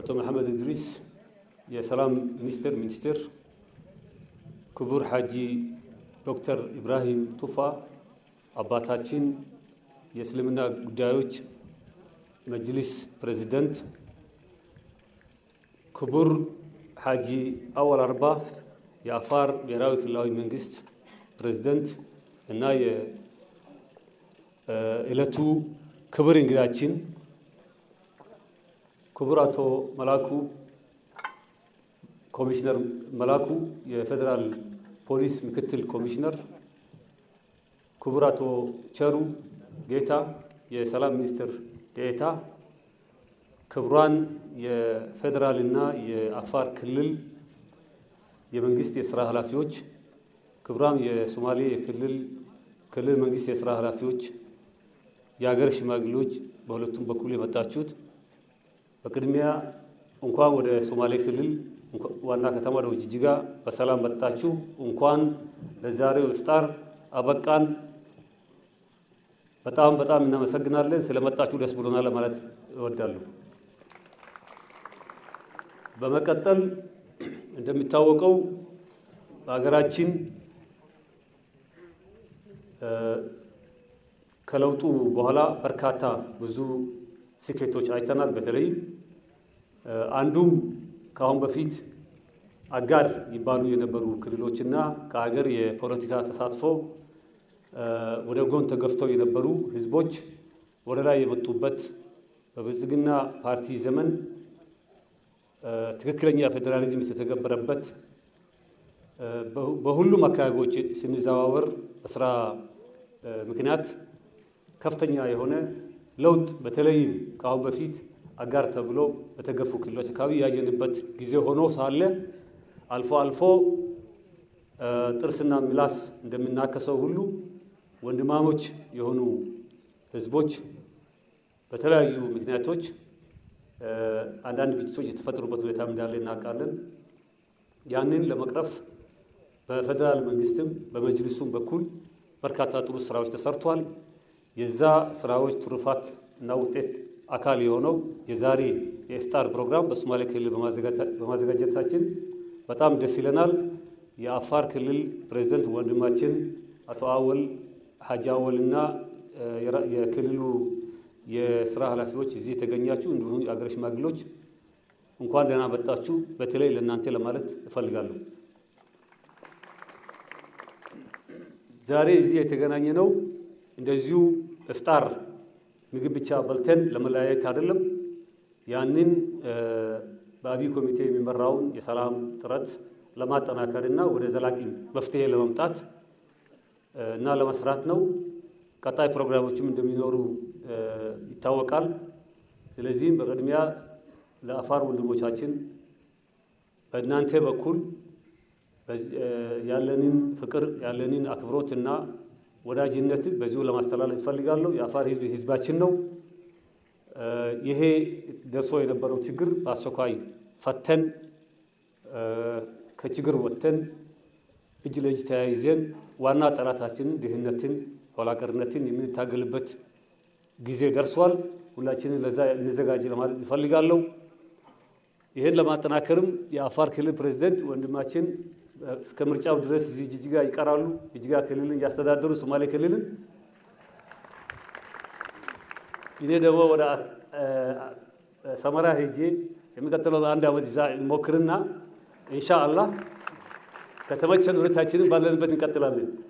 አቶ መሐመድ እድሪስ የሰላም ሚኒስቴር ሚኒስቴር፣ ክቡር ሐጂ ዶክተር ኢብራሂም ቱፋ አባታችን የእስልምና ጉዳዮች መጅሊስ ፕሬዚደንት፣ ክቡር ሐጂ አወል አርባ የአፋር ብሔራዊ ክልላዊ መንግስት ፕሬዚደንት እና የዕለቱ ክብር እንግዳችን ክቡር አቶ መላኩ ኮሚሽነር መላኩ የፌዴራል ፖሊስ ምክትል ኮሚሽነር፣ ክቡር አቶ ቸሩ ጌታ የሰላም ሚኒስትር ዴኤታ፣ ክቡራን የፌዴራልና የአፋር ክልል የመንግስት የስራ ኃላፊዎች፣ ክቡራን የሶማሌ የክልል ክልል መንግስት የስራ ኃላፊዎች፣ የሀገር ሽማግሌዎች በሁለቱም በኩል የመጣችሁት በቅድሚያ እንኳን ወደ ሶማሌ ክልል ዋና ከተማ ደው ጅጅጋ በሰላም መጣችሁ። እንኳን ለዛሬው ኢፍጣር አበቃን። በጣም በጣም እናመሰግናለን ስለመጣችሁ ደስ ብሎናል ለማለት እወዳለሁ። በመቀጠል እንደሚታወቀው በሀገራችን ከለውጡ በኋላ በርካታ ብዙ ስኬቶች አይተናል። በተለይም አንዱም ከአሁን በፊት አጋር ይባሉ የነበሩ ክልሎችና ከሀገር የፖለቲካ ተሳትፎ ወደ ጎን ተገፍተው የነበሩ ህዝቦች ወደ ላይ የመጡበት በብልጽግና ፓርቲ ዘመን ትክክለኛ ፌዴራሊዝም የተተገበረበት በሁሉም አካባቢዎች ስንዘዋወር በስራ ምክንያት ከፍተኛ የሆነ ለውጥ በተለይም ከአሁን በፊት አጋር ተብሎ በተገፉ ክልሎች አካባቢ ያየንበት ጊዜ ሆኖ ሳለ አልፎ አልፎ ጥርስና ምላስ እንደምናከሰው ሁሉ ወንድማሞች የሆኑ ህዝቦች በተለያዩ ምክንያቶች አንዳንድ ግጭቶች የተፈጠሩበት ሁኔታ እንዳለ እናውቃለን። ያንን ለመቅረፍ በፌዴራል መንግስትም በመጅልሱም በኩል በርካታ ጥሩ ስራዎች ተሰርቷል። የዛ ስራዎች ትሩፋት እና ውጤት አካል የሆነው የዛሬ የኢፍጣር ፕሮግራም በሶማሌ ክልል በማዘጋጀታችን በጣም ደስ ይለናል። የአፋር ክልል ፕሬዚደንት ወንድማችን አቶ አወል ሀጂ አወልና የክልሉ የስራ ኃላፊዎች እዚህ የተገኛችሁ እንዲሁም የአገር ሽማግሌዎች እንኳን ደህና መጣችሁ። በተለይ ለእናንተ ለማለት እፈልጋለሁ። ዛሬ እዚህ የተገናኘ ነው እንደዚሁ እፍጣር ምግብ ብቻ በልተን ለመለያየት አይደለም። ያንን በአብይ ኮሚቴ የሚመራውን የሰላም ጥረት ለማጠናከር እና ወደ ዘላቂ መፍትሄ ለመምጣት እና ለመስራት ነው። ቀጣይ ፕሮግራሞችም እንደሚኖሩ ይታወቃል። ስለዚህም በቅድሚያ ለአፋር ወንድሞቻችን በእናንተ በኩል ያለንን ፍቅር ያለንን አክብሮትና ወዳጅነትን በዚሁ ለማስተላለፍ እፈልጋለሁ። የአፋር ህዝብ ህዝባችን ነው። ይሄ ደርሶ የነበረው ችግር በአስቸኳይ ፈተን ከችግር ወጥተን እጅ ለእጅ ተያይዘን ዋና ጠላታችንን ድህነትን፣ ኋላቀርነትን የምንታገልበት ጊዜ ደርሷል። ሁላችንን ለዛ እንዘጋጅ ለማለት እፈልጋለሁ። ይህን ለማጠናከርም የአፋር ክልል ፕሬዚደንት ወንድማችን እስከ ምርጫው ድረስ እዚህ ጅጅጋ ይቀራሉ። ጅጅጋ ክልልን ያስተዳደሩ ሶማሌ ክልልን እኔ ደግሞ ወደ ሰመራ ሄጄ የሚቀጥለው አንድ ዓመት ዛ ሞክርና ኢንሻ አላህ ከተመቸን ሁለታችንን ባለንበት እንቀጥላለን።